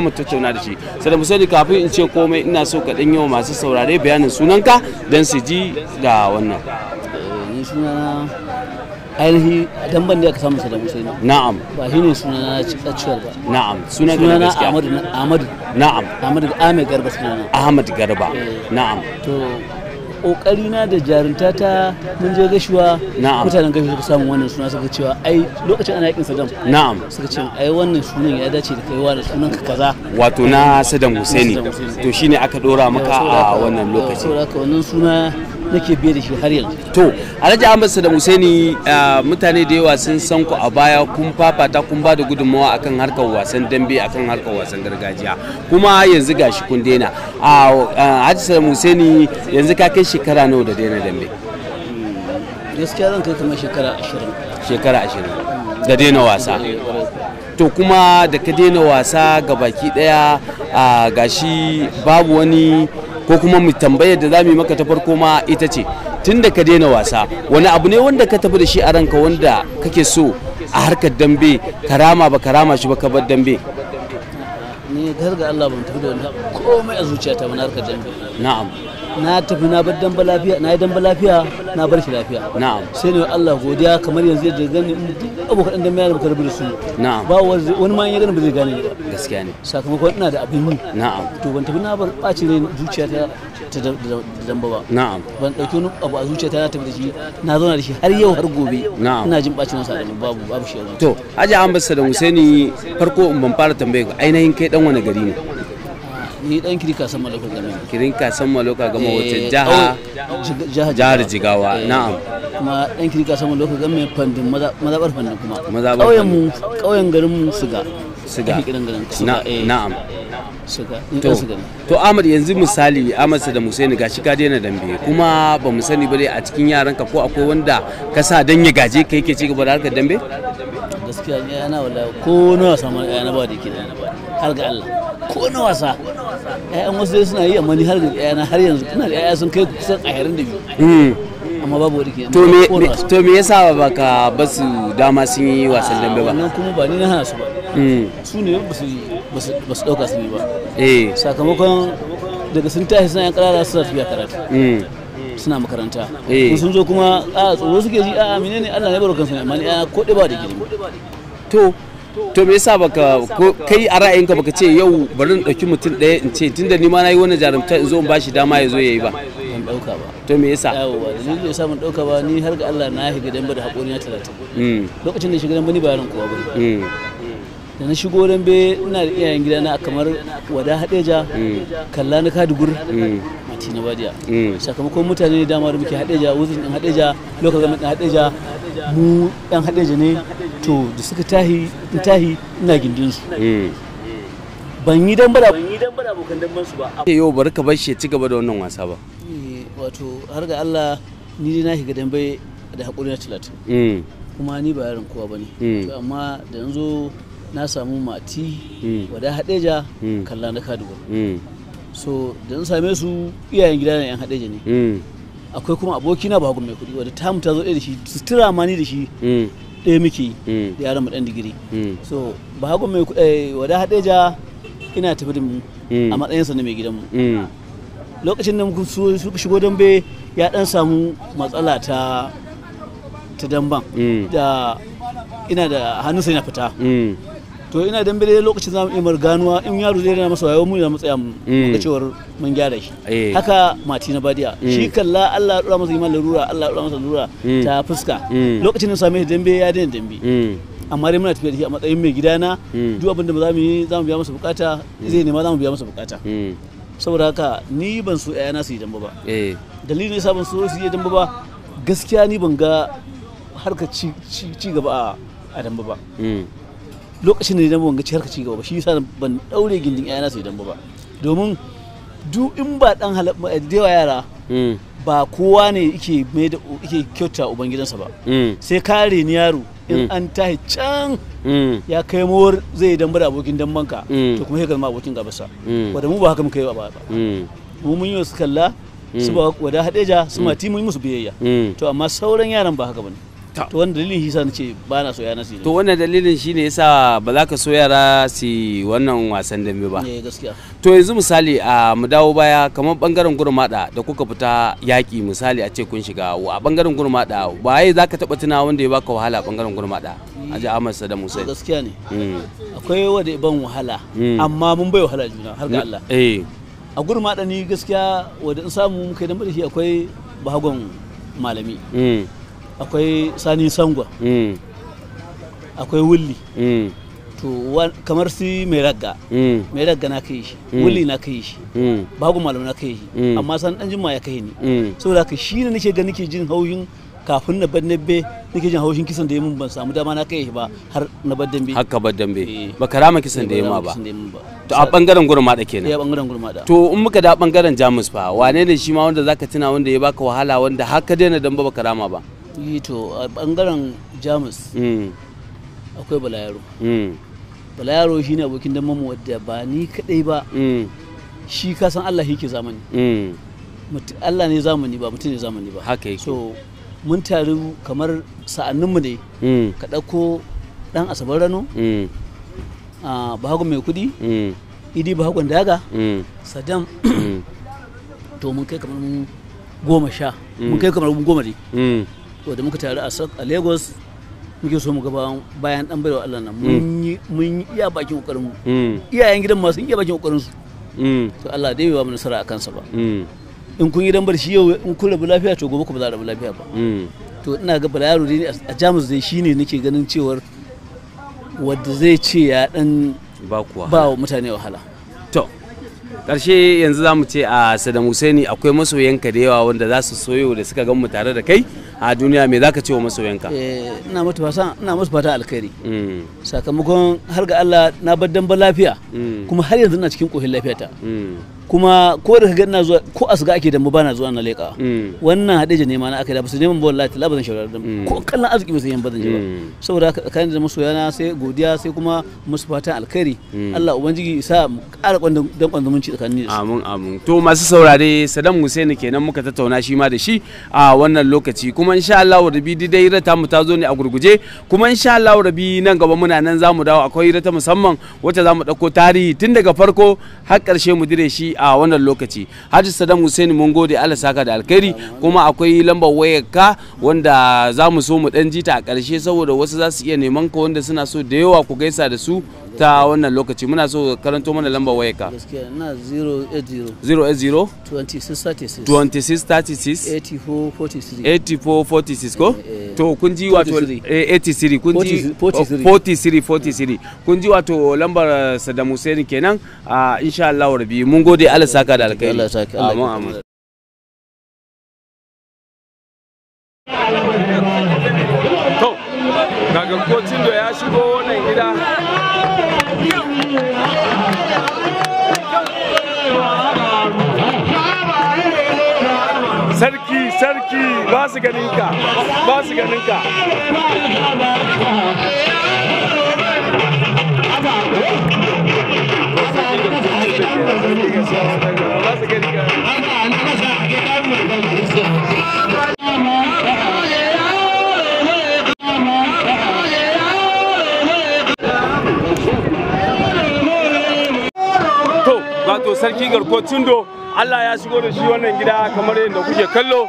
mu tattauna da shi sai da mu sani kafin in ce komai ina so ka dan yawa masu saurare bayanin sunanka dan su ji da wannan eh, ni sunana ainihi dan ban da ka samu sa da musulmi na'am ba shi ne sunana na ciwar ba na'am suna na gaskiya ahmad Ahmadu na'am ahmad ahmad Garba sunana Ahmad Garba eh. na'am to kokari na da jarunta ta mun je gashuwa mutanen gashuwa suka samu wannan suna suka cewa ai lokacin ana yakin Saddam na'am suka ce ai wannan sunan ya dace da kaiwa da sunan ka kaza wato na Saddam Hussein to shine aka dora maka a wannan lokaci saboda wannan suna nake biye da shi har yanzu to alhaji ahmad sadam husaini mutane da yawa sun san ku a baya kun fafata kun ba da gudunmawa akan harkar wasan dambe akan harkar wasan gargajiya kuma yanzu gashi kun daina alhaji sadam husaini yanzu ka kai shekara nawa da daina dambe gaskiya zan kai kamar shekara ashirin shekara ashirin da daina wasa to kuma da ka daina wasa ga baki daya gashi babu wani ko kuma mu tambayar da za mu yi maka ta farko ma ita ce tun da ka daina wasa wani abu ne wanda ka tafi da shi a ranka wanda kake so a harkar dambe karama ba karama shi ba ka bar dambe ni ga Allah ban tafi da wani komai a zuciyata wani harkar dambe na'am na tafi na bar damba lafiya na yi damba lafiya na bar shi lafiya na'am sai ne Allah godiya kamar yanzu da gani duk abokan dan mai baka da su na'am ba wani ma ya gani ba zai gane ba gaskiya ne sakamakon ina da abin yi na'am to ban tafi na bar baci ne zuciya ta damba ba na'am ban dauki wani abu a ta na tafi da shi na zauna da shi har yau har gobe na'am ina jin ɓacin sa babu babu shi yanzu to aje ambassador Husaini farko in ban fara tambaye ka ainihin kai dan wani gari ne ni dan kirka san maloka gama kirinka san maloka gama wace eh, jaha oh, jihar jigawa eh, na'am kuma dan kirka san maloka gama fandin mazabar fandin kuma mazabar kauyen mu kauyen garin mu siga siga eh, na'am to, to Ahmad yanzu misali Ahmad da Musaini gashi ka daina dambe kuma ba mu sani bane a cikin yaranka ko akwai wanda ka sa dan ya gaje kai ke ci gaba da harkar dambe gaskiya ya yana wallahi ko na wasa ma ya na ba da yake da na ba har ga Allah ko na wasa ƴaƴan wasu dai suna yi amma ni har ga ƴaƴana har yanzu ina da ƴaƴa sun kai kusan ashirin da biyu hmm. amma babu wani ke to me yasa ba ka ba su dama sun yi wasan ah, dambe ba nan kuma ba ni na hana su ba hmm. su ne ba su dauka su ne ba eh. sakamakon daga sun tashi suna yan karara suna tafiya karatu hmm. suna makaranta eh. sun zo kuma a tsoro suke ji a amine ne Allah ya baro kansa amma ni ba da gini to to me yasa baka kai a ra'ayinka baka ce yau bari in dauki mutum ɗaya in ce tunda ni ma nayi wannan jarumta in zo in bashi dama ya zo yayi ba ban ɗauka ba to me yasa yawa dalilin da yasa mun dauka ba ni har ga Allah na shiga dambe da hakuri na 30 mm. lokacin da shiga dambe ni ba kowa bane mm. da na shigo dambe ina da iyayen gidana kamar wada hadeja mm. kalla na kadugur fati na badiya mm. sakamakon mutane da dama da muke hadeja wuzin dan hadeja local government dan hadeja mu dan hadeja ne to da suka tahi tahi ina gindin su mm. ban yi dan bada ban yi dan bada bokan dan su ba eh, yau bari ka bar shi ci gaba da wannan wasa ba eh, wato har ga Allah ni dai na shiga dambe da hakuri na talatin mm. kuma ni ba yaron kowa bane to amma da yanzu na samu mati wada hadeja kalla na kaduwa so da na same su iyayen gida na yan haɗeje ne mm. akwai kuma abokina ba mai kuɗi wadda tamu ta zo da shi su tira mani da shi mm. ɗaya muke mm. da yaran mu dan digiri so ba mai kudi eh, wadda haɗeja ina tafi da mu a matsayin sa na mai gidan mu. lokacin da muka su shigo dambe ya dan samu matsala ta ta damban da ina da sai yana fita to ina dan bare lokacin zamu iya ganuwa in yaro zai rena masa wayo mu na matsaya mu mm. ga cewar mun gyara shi eh. haka mati na badiya mm. shi kalla Allah ya dora masa iman larura Allah ya dora masa larura mm. ta fuska lokacin da same shi dambe ya daina dambe amma dai muna tafiya da shi a matsayin mai gidana duk abin da za mu yi za mu biya masa bukata zai nema za mu biya masa bukata saboda haka ni ban so ƴaƴana su yi dambe ba eh. dalilin yasa ban so su yi dambe ba gaskiya ni ban ga harkar ci gaba a dambe ba lokacin da idan ban ga ciyar ka ci gaba shi yasa ban daure gindin na su idan ba domin du in ba dan dewa yara mm. ba kowa ne yake mai da yake kyauta ubangidansa ba mm. sai kare ni yaro in mm. an tahi can ya kai mawar zai dan bada abokin dan banka to kuma sai ma abokin gabasa wanda mu ba haka muka yi ba mu mun yi su kalla su ba wada hadeja su ma mun yi musu biyayya to amma sauran yaran ba haka bane to wannan dalilin shi ce ba na so yana to wannan dalilin shine yasa ba za ka so yara su wannan wasan dambe ba eh gaskiya to yanzu misali a mu dawo baya kamar bangaren gurmada da kuka fita yaki misali a ce kun shiga a bangaren gurmada waye za ka taba tuna wanda ya baka wahala a bangaren gurmada a ji Ahmad Saddam Hussein gaskiya ne hmm. akwai wanda ban wahala hmm. amma mun bai wahala juna har ga Allah eh a gurmada ni gaskiya wanda in samu muka da shi akwai bahagon malami hmm. akwai sani sangwa mm. akwai wulli mm. to kamar si mai ragga mm. mai ragga na kai shi wuli na kai shi babu malam na kai shi amma san dan jimma ya kai ni saboda ka shi ne nake ga nake jin haushin kafin na bar nabe nake jin haushin kisan da ya mun ban samu dama na kai shi ba har na bar dambe har ka bar dambe eh. ba karama eh, kisan da ya ma ba to a bangaren gurmada kenan ya eh, bangaren gurmada to in muka da bangaren jamus fa wane ne shi ma wanda zaka tuna wanda ya baka wahala wanda har ka daina damba ba karama ba yi eh to a bangaren jamus hmm. akwai balayaro hmm. balayaro shi ne abokin dan mamu wadda ba ni kadai ba hmm. shi kasan allah yake zamani allah ne zamani ba mutum ne zamani ba haka yake so mun taru kamar sa'anninmu ne ka ɗauko ɗan asabar rano bahagun mai kudi idi bahagun daga sadam to mun kai kamar goma sha mun kai kamar goma ne wadda muka taru a lagos muke so mu gaba bayan dan baiwa Allah nan mun mm. yi mun iya bakin kokarin mu mm. iyayen gidan ma sun iya bakin kokarin su mm. to Allah dai ba mu nasara a kansa ba in kun yi dan barci yau in kun rabu lafiya to gobe ku ba za a rabu lafiya ba to ina ga bala yaro dai a Jamus dai shine nake ganin cewar wanda zai ce ya dan ba kuwa ba mutane wahala to karshe yanzu za mu ce a Saddam Hussein akwai masoyanka da yawa wanda za su soyo da suka gan mu tare da kai a duniya me ka ce wa masoyanka eh, ina musu fata ina musu fata alkhairi mm. sakamakon har ga Allah na bar dan lafiya mm. kuma har yanzu na cikin kohin lafiyata mm. kuma ko da kaga ina zuwa ko asga ake da bana zuwa na leka mm. wannan hadeje ne ma na aka da ba su neman ba wallahi la bazan shawarar da mm. ko kallon arziki ba sai yan bazan ba mm. saboda tsakanin da masoya yana sai godiya sai kuma musu fatan alkhairi Allah ubangiji sa mu ƙara kwandon dan kwandon munci tsakanin tsakanin amin amin to masu saurare Saddam Hussein kenan muka tattauna shi ma da shi a wannan lokaci kuma insha Allah rabi dai rata mu ta zo ne a gurguje kuma insha Allah rabi nan gaba muna nan zamu dawo akwai rata musamman wacce zamu dauko tarihi tun daga farko har karshe mu dire shi a wannan lokaci Haji Saddam Hussein mun gode Allah saka da alkhairi kuma akwai lambar wayar ka wanda za mu so mu dan ji ta a ƙarshe saboda wasu za su iya neman ka wanda suna so da yawa ku gaisa da su ta wannan lokaci muna so karanto mana lambar wayar ka gaskiya na 080 080 2636 2636 8446 8446 ko eh, eh. to kun ji wato 83 kun ji 43 43 kun ji wato lambar Saddam Hussein kenan a insha Allah rabi mun gode Allah saka da alkai Allah saka Allah amin to daga kocin da ya shigo wannan gida sarki ba su ganin ba su ganin ka wato sarki garko tindo Allah ya shigo da shi wannan gida kamar yadda kuke kallo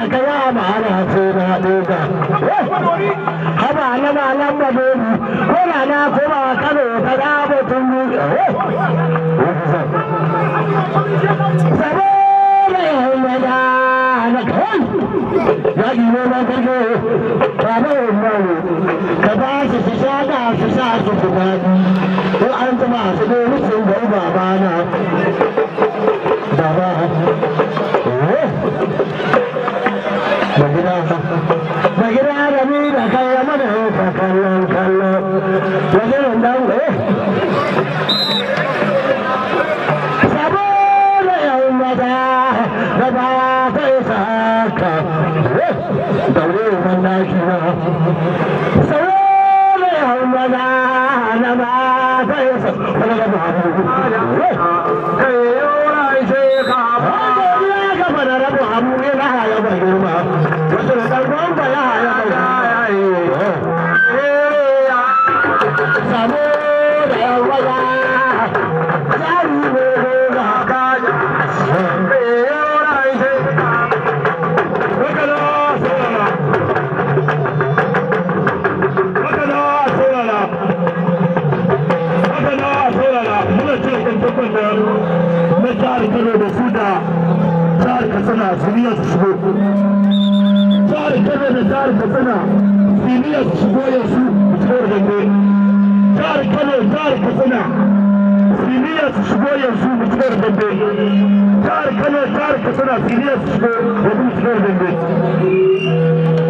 da ka ba ma ana sai na doka haba na ba nan ba dobi ko na na koma kano ka da batun duka saboda yau na da na kai ya ɗi ne na karfe ba yau ka ba su su sha da su sha su su ba ko an taba su ne mutum da babana baba zuriya su shigo jihar kano da jihar katsina zuriya su shigo yanzu su shigo da gangan dar kano dar kasana siliya su shigo yanzu mutuwar dambe dar kano dar kasana siliya su shigo yanzu mutuwar dambe